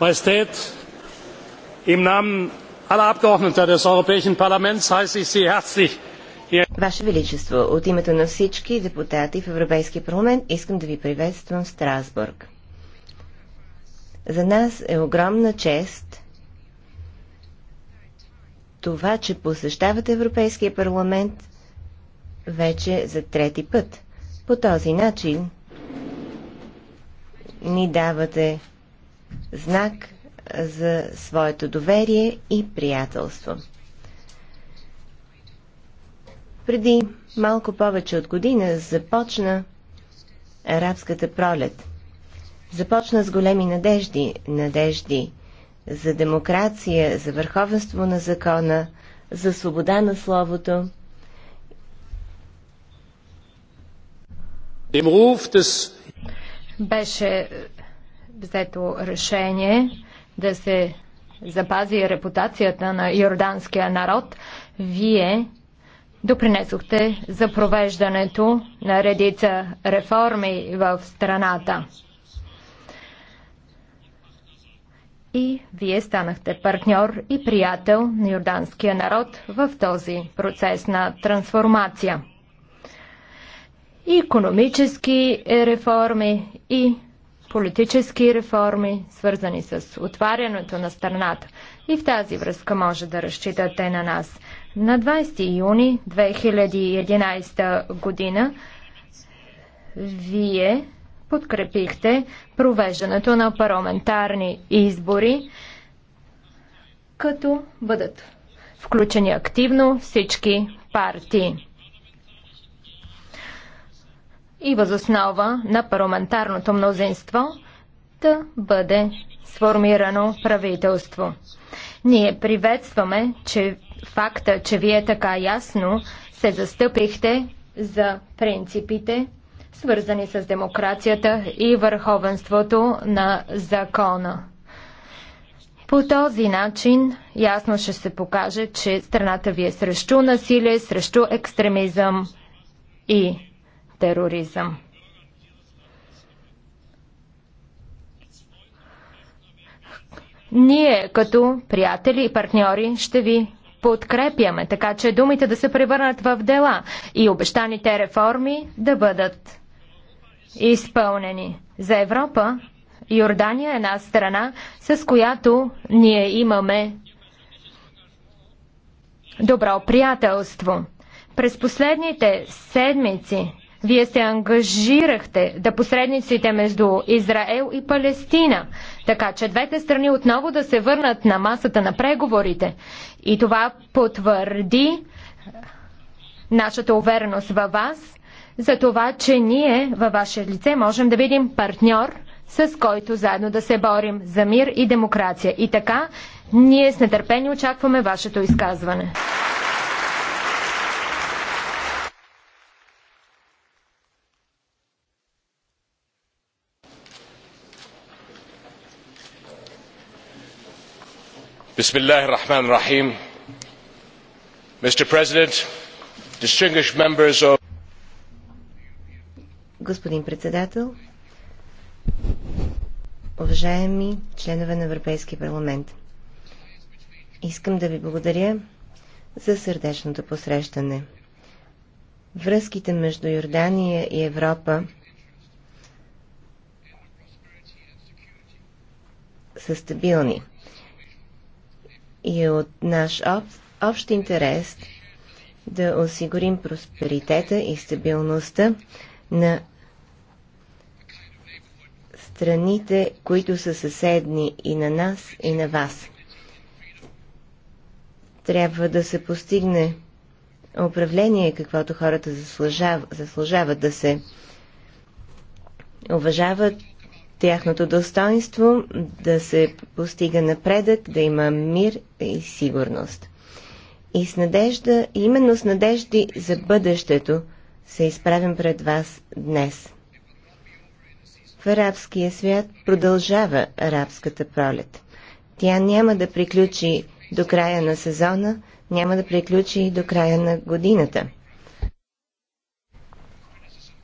majestät im namen aller abgeordneter des europäischen parlaments heiße ich sie herzlich Ваше Величество, от името на всички депутати в Европейския парламент искам да ви приветствам в Страсбург. За нас е огромна чест това, че посещавате Европейския парламент вече за трети път. По този начин ни давате знак за своето доверие и приятелство. Преди малко повече от година започна арабската пролет. Започна с големи надежди, надежди за демокрация, за върховенство на закона, за свобода на словото. Беше взето решение да се запази репутацията на йорданския народ, вие допринесохте за провеждането на редица реформи в страната. И вие станахте партньор и приятел на йорданския народ в този процес на трансформация. И економически реформи, и политически реформи, свързани с отварянето на страната. И в тази връзка може да разчитате на нас. На 20 юни 2011 година вие подкрепихте провеждането на парламентарни избори, като бъдат включени активно всички партии и възоснова на парламентарното мнозинство да бъде сформирано правителство. Ние приветстваме, че факта, че вие така ясно се застъпихте за принципите, свързани с демокрацията и върховенството на закона. По този начин ясно ще се покаже, че страната ви е срещу насилие, срещу екстремизъм и тероризъм. Ние като приятели и партньори ще ви подкрепяме, така че думите да се превърнат в дела и обещаните реформи да бъдат изпълнени. За Европа Йордания е една страна, с която ние имаме добро приятелство. През последните седмици вие се ангажирахте да посредниците между Израел и Палестина, така че двете страни отново да се върнат на масата на преговорите. И това потвърди нашата увереност във вас, за това, че ние във ваше лице можем да видим партньор, с който заедно да се борим за мир и демокрация. И така, ние с нетърпение очакваме вашето изказване. Bismillah ar-Rahman rahim Mr. President, distinguished members of... Господин председател, уважаеми членове на Европейския парламент, искам да ви благодаря за сърдечното посрещане. Връзките между Йордания и Европа са стабилни и от наш об, общ интерес да осигурим просперитета и стабилността на страните, които са съседни и на нас, и на вас. Трябва да се постигне управление, каквото хората заслужават, заслужават да се уважават тяхното достоинство, да се постига напредък, да има мир и сигурност. И с надежда, именно с надежди за бъдещето, се изправим пред вас днес. В арабския свят продължава арабската пролет. Тя няма да приключи до края на сезона, няма да приключи и до края на годината.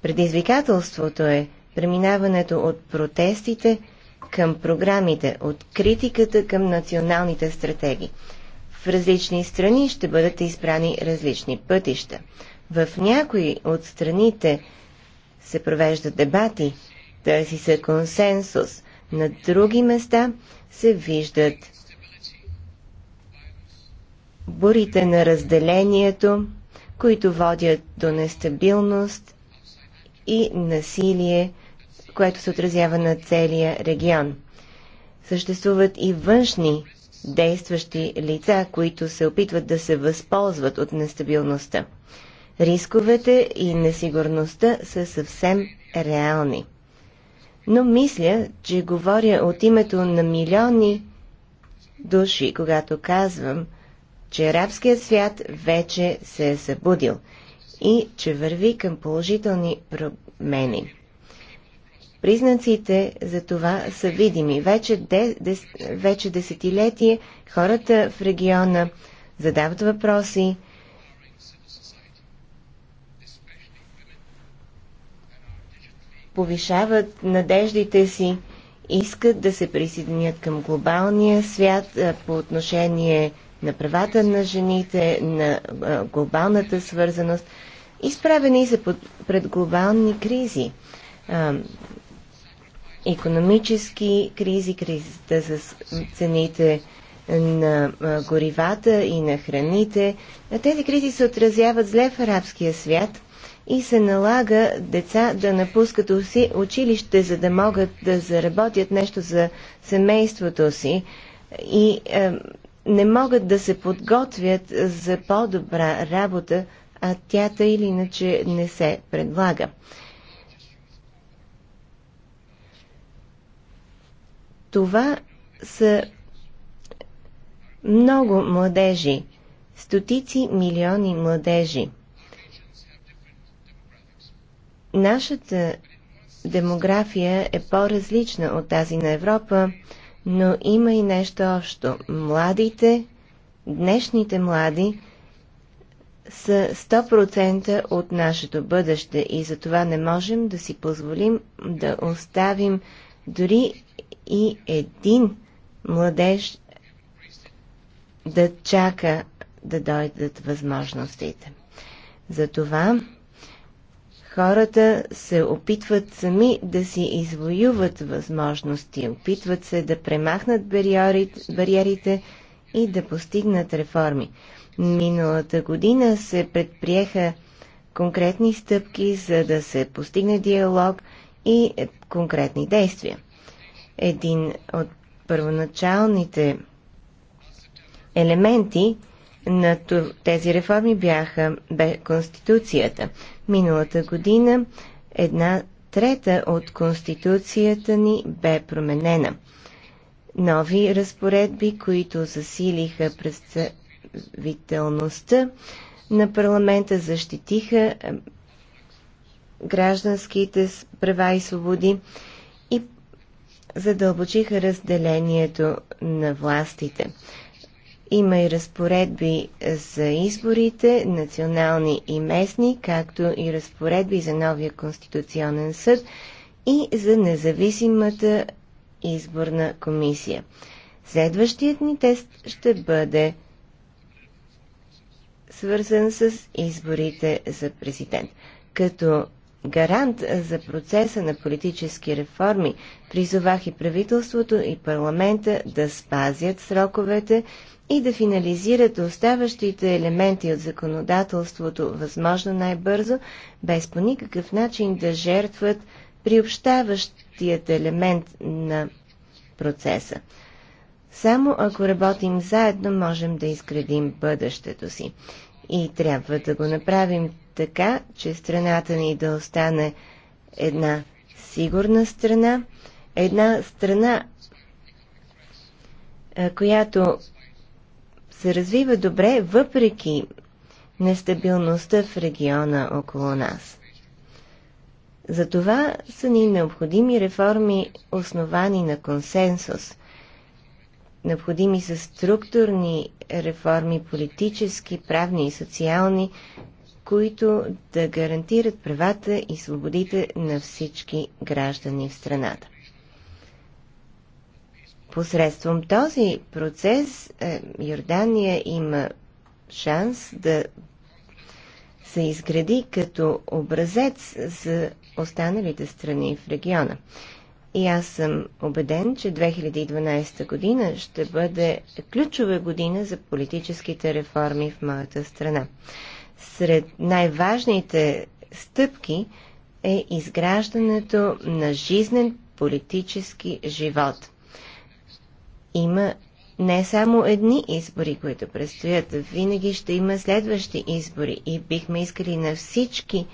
Предизвикателството е преминаването от протестите към програмите, от критиката към националните стратегии. В различни страни ще бъдат избрани различни пътища. В някои от страните се провеждат дебати, търси се консенсус. На други места се виждат бурите на разделението, които водят до нестабилност и насилие което се отразява на целия регион. Съществуват и външни действащи лица, които се опитват да се възползват от нестабилността. Рисковете и несигурността са съвсем реални. Но мисля, че говоря от името на милиони души, когато казвам, че арабският свят вече се е събудил и че върви към положителни промени. Признаците за това са видими. Вече, де, де, вече десетилетие хората в региона задават въпроси, повишават надеждите си, искат да се присъединят към глобалния свят по отношение на правата на жените, на глобалната свързаност. Изправени са пред глобални кризи економически кризи, кризата с цените на горивата и на храните. Тези кризи се отразяват зле в арабския свят и се налага деца да напускат училище, за да могат да заработят нещо за семейството си и е, не могат да се подготвят за по-добра работа, а тята или иначе не се предлага. Това са много младежи, стотици милиони младежи. Нашата демография е по-различна от тази на Европа, но има и нещо общо. Младите, днешните млади, са 100% от нашето бъдеще и затова не можем да си позволим да оставим дори и един младеж да чака да дойдат възможностите. Затова хората се опитват сами да си извоюват възможности, опитват се да премахнат бариерите и да постигнат реформи. Миналата година се предприеха конкретни стъпки, за да се постигне диалог и конкретни действия един от първоначалните елементи на тези реформи бяха бе Конституцията. Миналата година една трета от Конституцията ни бе променена. Нови разпоредби, които засилиха представителността на парламента, защитиха гражданските права и свободи задълбочиха разделението на властите. Има и разпоредби за изборите, национални и местни, както и разпоредби за новия Конституционен съд и за независимата изборна комисия. Следващият ни тест ще бъде свързан с изборите за президент. Като гарант за процеса на политически реформи. Призовах и правителството и парламента да спазят сроковете и да финализират оставащите елементи от законодателството възможно най-бързо, без по никакъв начин да жертват приобщаващият елемент на процеса. Само ако работим заедно, можем да изградим бъдещето си. И трябва да го направим така, че страната ни да остане една сигурна страна, една страна, която се развива добре въпреки нестабилността в региона около нас. Затова са ни необходими реформи, основани на консенсус. Необходими са структурни реформи, политически, правни и социални, които да гарантират правата и свободите на всички граждани в страната. Посредством този процес е, Йордания има шанс да се изгради като образец за останалите страни в региона. И аз съм убеден, че 2012 година ще бъде ключова година за политическите реформи в моята страна. Сред най-важните стъпки е изграждането на жизнен политически живот. Има не само едни избори, които предстоят, винаги ще има следващи избори и бихме искали на всички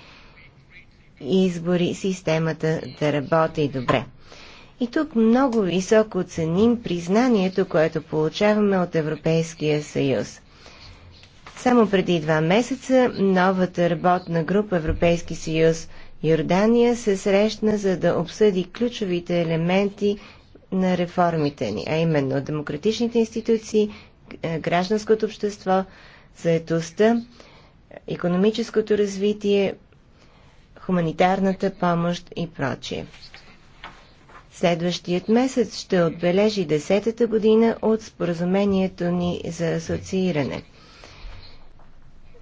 избори системата да работи добре. И тук много високо ценим признанието, което получаваме от Европейския съюз. Само преди два месеца новата работна група Европейски съюз Йордания се срещна за да обсъди ключовите елементи на реформите ни, а именно демократичните институции, е, гражданското общество, заетостта, економическото развитие, хуманитарната помощ и прочие. Следващият месец ще отбележи 10-та година от споразумението ни за асоцииране –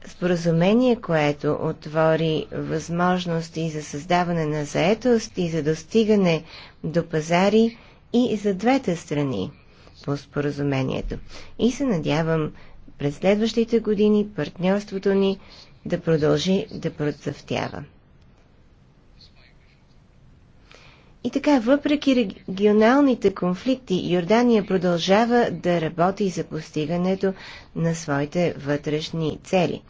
споразумение, което отвори възможности за създаване на заетост и за достигане до пазари и за двете страни по споразумението. И се надявам през следващите години партньорството ни да продължи да процъфтява. И така, въпреки регионалните конфликти, Йордания продължава да работи за постигането на своите вътрешни цели.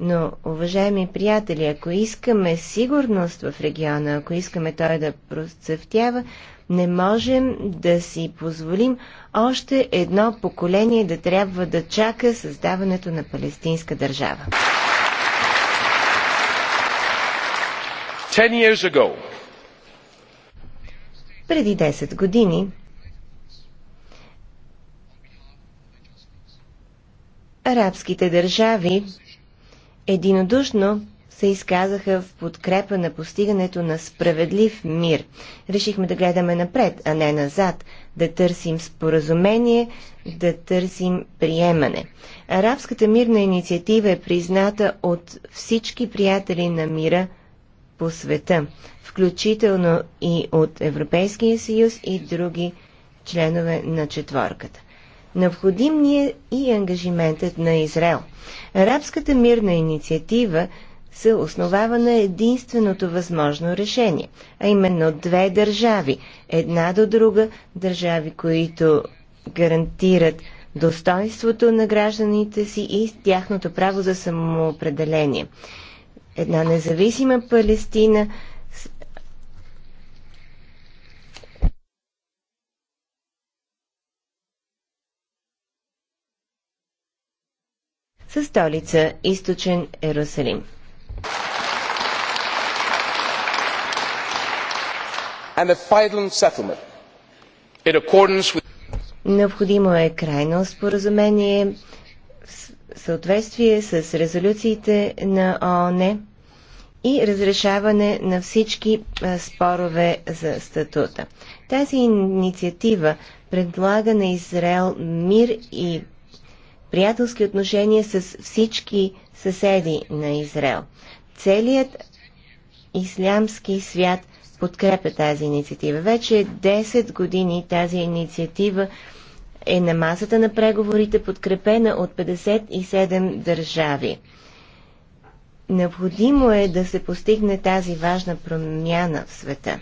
Но, уважаеми приятели, ако искаме сигурност в региона, ако искаме той да процъфтява, не можем да си позволим още едно поколение да трябва да чака създаването на палестинска държава. years ago, преди 10 години. Арабските държави единодушно се изказаха в подкрепа на постигането на справедлив мир. Решихме да гледаме напред, а не назад, да търсим споразумение, да търсим приемане. Арабската мирна инициатива е призната от всички приятели на мира – по света, включително и от Европейския съюз и други членове на четворката. Необходим ни е и ангажиментът на Израел. Арабската мирна инициатива се основава на единственото възможно решение, а именно две държави, една до друга, държави, които гарантират достоинството на гражданите си и тяхното право за самоопределение една независима Палестина, със столица Източен Ерусалим. With... Необходимо е крайно споразумение съответствие с резолюциите на ООН и разрешаване на всички е, спорове за статута. Тази инициатива предлага на Израел мир и приятелски отношения с всички съседи на Израел. Целият ислямски свят подкрепя тази инициатива. Вече 10 години тази инициатива е на масата на преговорите, подкрепена от 57 държави. Необходимо е да се постигне тази важна промяна в света.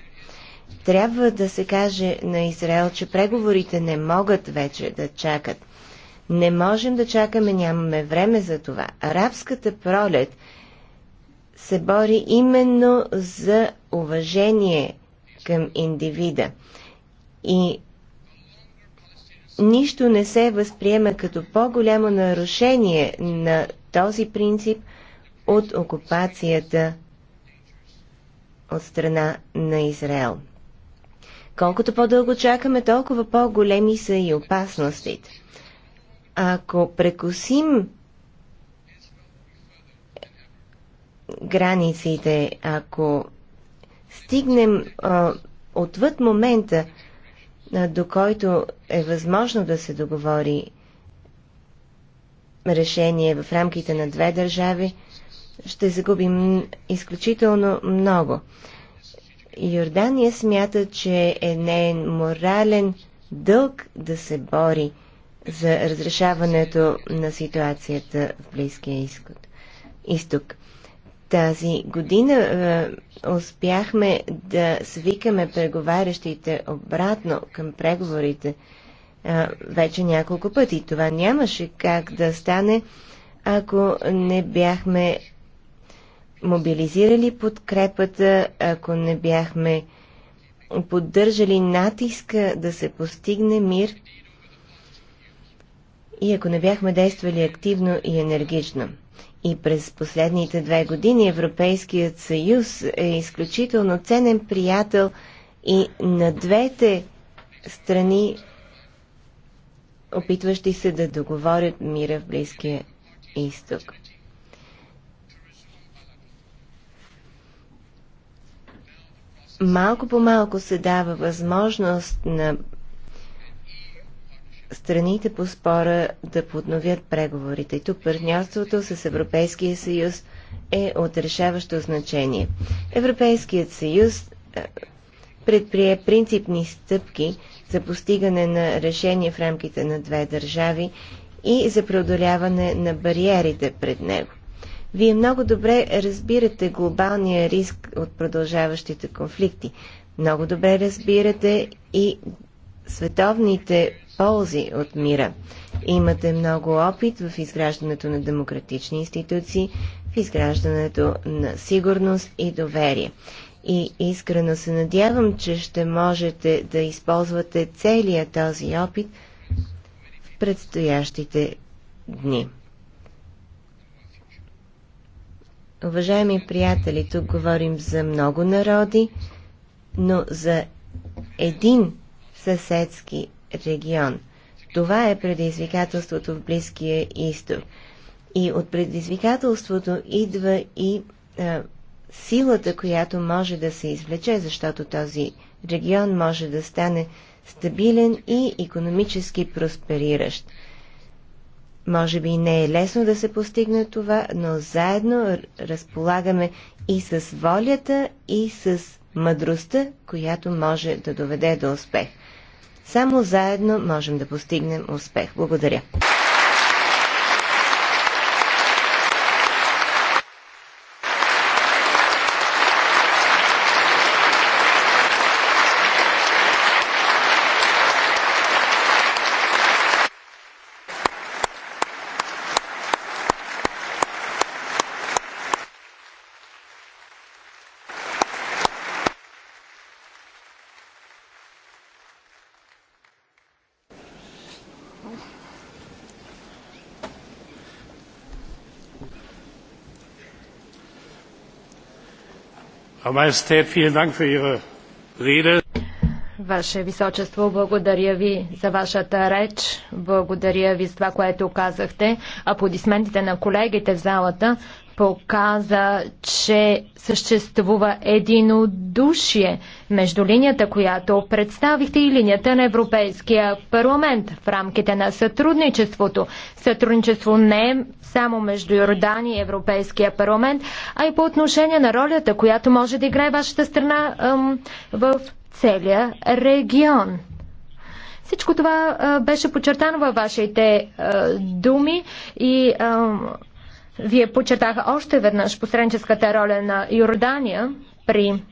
Трябва да се каже на Израел, че преговорите не могат вече да чакат. Не можем да чакаме, нямаме време за това. Арабската пролет се бори именно за уважение към индивида. И нищо не се възприема като по-голямо нарушение на този принцип от окупацията от страна на Израел. Колкото по-дълго чакаме, толкова по-големи са и опасностите. Ако прекусим границите, ако стигнем а, отвъд момента, до който е възможно да се договори решение в рамките на две държави, ще загубим изключително много. Йордания смята, че е нейн морален дълг да се бори за разрешаването на ситуацията в Близкия изток тази година е, успяхме да свикаме преговарящите обратно към преговорите е, вече няколко пъти. Това нямаше как да стане, ако не бяхме мобилизирали подкрепата, ако не бяхме поддържали натиска да се постигне мир и ако не бяхме действали активно и енергично. И през последните две години Европейският съюз е изключително ценен приятел и на двете страни, опитващи се да договорят мира в Близкия изток. Малко по малко се дава възможност на страните по спора да подновят преговорите. И тук партньорството с Европейския съюз е от решаващо значение. Европейският съюз предприе принципни стъпки за постигане на решение в рамките на две държави и за преодоляване на бариерите пред него. Вие много добре разбирате глобалния риск от продължаващите конфликти. Много добре разбирате и световните ползи от мира. Имате много опит в изграждането на демократични институции, в изграждането на сигурност и доверие. И искрено се надявам, че ще можете да използвате целият този опит в предстоящите дни. Уважаеми приятели, тук говорим за много народи, но за един съседски регион. Това е предизвикателството в Близкия изток. И от предизвикателството идва и а, силата, която може да се извлече, защото този регион може да стане стабилен и економически проспериращ. Може би не е лесно да се постигне това, но заедно разполагаме и с волята, и с мъдростта, която може да доведе до успех. Само заедно можем да постигнем успех. Благодаря. Ваше Височество, благодаря ви за вашата реч, благодаря ви за това, което казахте. Аплодисментите на колегите в залата показа, че съществува единодушие между линията, която представихте и линията на Европейския парламент в рамките на сътрудничеството. Сътрудничество не е само между Йордания и Европейския парламент, а и по отношение на ролята, която може да играе вашата страна ам, в целия регион. Всичко това а, беше подчертано във вашите а, думи и а, вие почетах още веднъж посредническата роля на Йордания при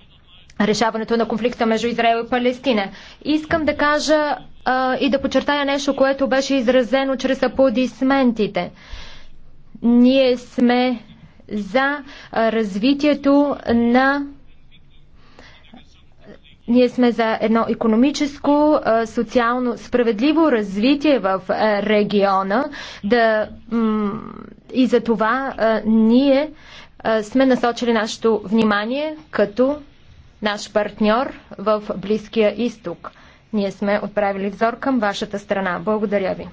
решаването на конфликта между Израел и Палестина. Искам да кажа а, и да подчертая нещо, което беше изразено чрез аплодисментите. Ние сме за развитието на ние сме за едно економическо, социално справедливо развитие в региона, да и за това а, ние а, сме насочили нашето внимание като наш партньор в Близкия изток. Ние сме отправили взор към вашата страна. Благодаря ви.